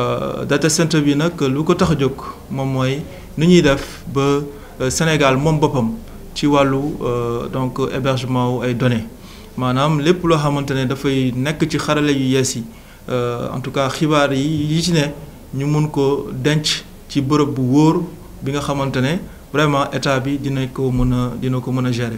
Euh, data center bi nag lu ko tax a jóg moom mooy nu ñuy def ba euh, Sénégal moom boppam ci wàllu euh, donc hébergement wu ay données maanaam lépp loo xamante ne dafay nekk ci xarale yu yees yi en tout cas xibaar yi yi ci ne ñu mun ko denc ci bërëb bu wóor bi nga xamante ne vraiment état bi dina ko mën a dina ko mën a gérer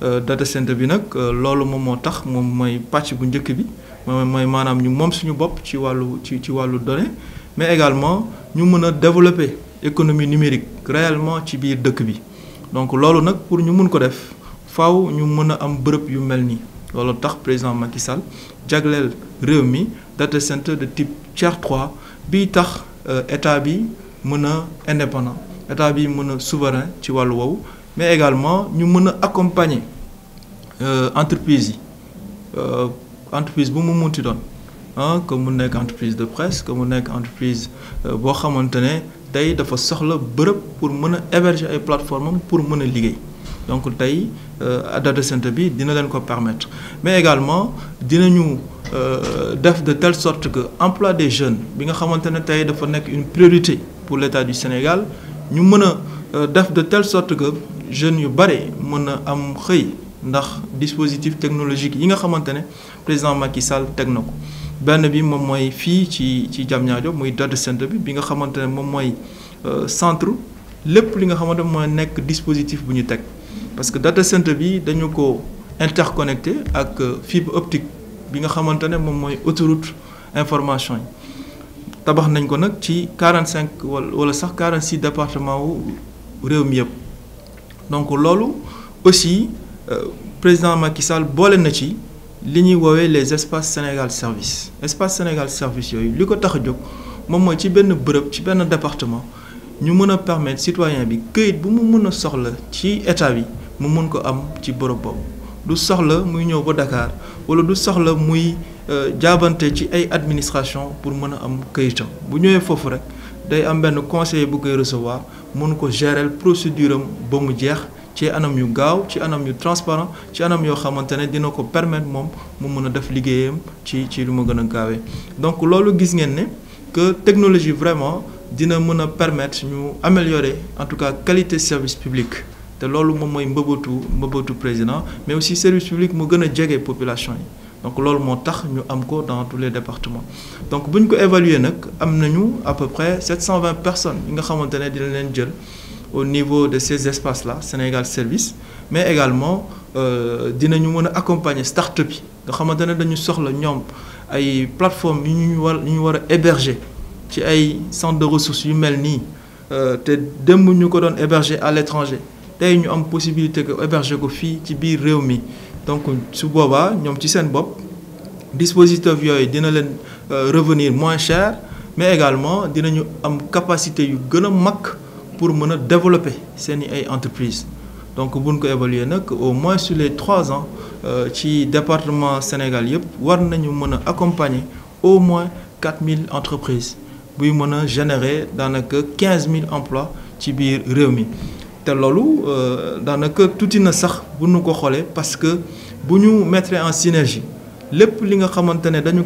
data center bi nag loolu moom moo tax moom mooy pàcc bu njëkk bi. moy manam ñu mom suñu bop ci walu ci ci wàllu données mais également ñu mëna développer économie numérique réellement ci biir dëkk bi donc loolu nag pour ñu mun ko def faaw ñu mën a am bërëb yu mel nii loolu tax président Macky Sall jagleel réew mi data center de type tier 3 bi tax euh, état bi mën a indépendant état bi mën a souverain ci wàllu woowu mais également ñu mën a accompagner euh, entreprise yi euh, entreprise bu mu munti doon ah comme mu nekk entreprise de presse comme mu nekk entreprise euh, boo xamante ne tey dafa soxla bërëb pour mën a héberger ay plateforme pour mën a liggéey donc tey euh, data center bi dina leen ko permettre mais également dinañu euh, def de telle sorte que emploi des jeunes bi nga xamante ne tey dafa une priorité pour l'État du Sénégal ñu mën a def de telle sorte que jeunes yu bare mën a am xëy ndax dispositif technologique yi nga xamante président Macky Sall teg na ko benn bi moom mooy fii ci ci Diamniadio muy data center bi bi nga xamante ne moom mooy euh, centre lépp li nga xamante ne mooy nekk dispositif bu ñu teg parce que data center bi dañu ko interconnecté ak euh, fibre optique bi nga xamante ne moom mooy autoroute information yi tabax nañ ko nag ci 45 wala sax 46 département wu réew mi yëpp donc loolu aussi euh, président Macky Sall boole na ci li ñuy les espaces Sénégal service espace Sénégal service yooyu li ko tax a jóg moom ci ben bërëb ci ben département ñu mëna permettre citoyen bi keuyit bu mu mëna soxla ci état bi mu mën ko am ci bërëb bob du soxla muy ñëw ba Dakar wala du soxla muy euh, jaabante ci ay administration pour mëna am këyitam bu ñëwé fofu rek day am ben conseiller bu koy recevoir mën ko gérer procédure am ba mu jeex ci anam yu gaaw ci anam yu transparent ci anam yoo xamante ne dina ko permettre moom mu mën a def liggéeyam ci ci lu ma gën a gaawee donc loolu gis ngeen que technologie vraiment dina mën a permettre ñu améliorer en tout cas qualité service public te loolu moom mooy mbëbatu mbëbatu président mais aussi service public mu gën a jege population donc loolu moo tax ñu am ko dans tous les départements donc buñ ko évaluer nag am nañu à peu près 720 personnes yi nga xamante ne dina leen jël au niveau de ces espaces-là Sénégal Service mais également euh, dinañu mën a accompagner start-up Nous nga xamante ne dañu soxla ñoom ay plateformes yu nous war héberger ci ay centres de ressources humaines mel nous euh, te démb ko don héberger à l'étranger tey ñu am possibilité que héberger ko fi ci biir donc su avons ñoom ci seen bopp dispositif qui dina leen euh, revenir moins cher mais également dinañu am capacité yu gën pour développer cette entreprise. Donc, pour on évalue, au moins sur les trois ans, le euh, département sénégalais nous mener accompagner au moins 4 000 entreprises. pour générer 15 000 emplois qui ont Telolu dans le que tout une sac nous parce que si nous mettons en synergie. ce que linga commenter dans le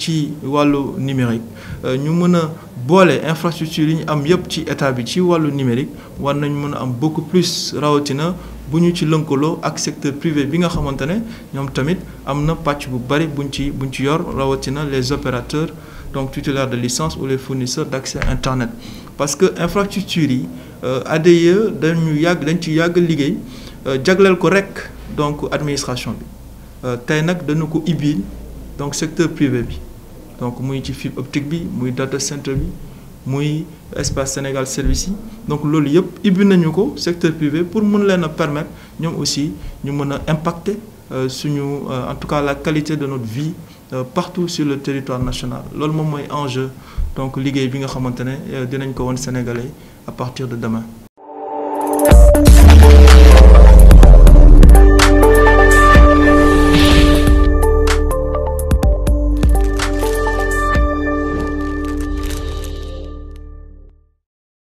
ci walu numérique euh, ñu mën a boole infrastructure yi ñu am yëpp ci état bi ci walu numérique war nañ mën a am beaucoup plus rawatina bu ñu ci lënkaloo ak secteur privé bi nga xamante ne ñoom tamit am na pàcc bu bari buñ ci buñ ci yor rawatina les opérateurs donc titulaires de licence ou les fournisseurs d'accès internet parce que infrastructure yi euh, ADIE dañu yàgg dañ ci yàgg liggéey euh, jagleel ko rek donc administration bi tey nag dañu ko ibbi donc secteur privé bi donc muy ci fibre optique bi muy data center bi muy espace Sénégal service donc loolu yëpp ibbi nañu ko secteur privé pour mun permettre ñoom aussi ñu mën a euh, suñu euh, en tout cas la qualité de notre vie euh, partout sur le territoire national qui est en jeu. donc liggéey bi nga xamante ne dinañ ko woon sénégalais à partir de demain.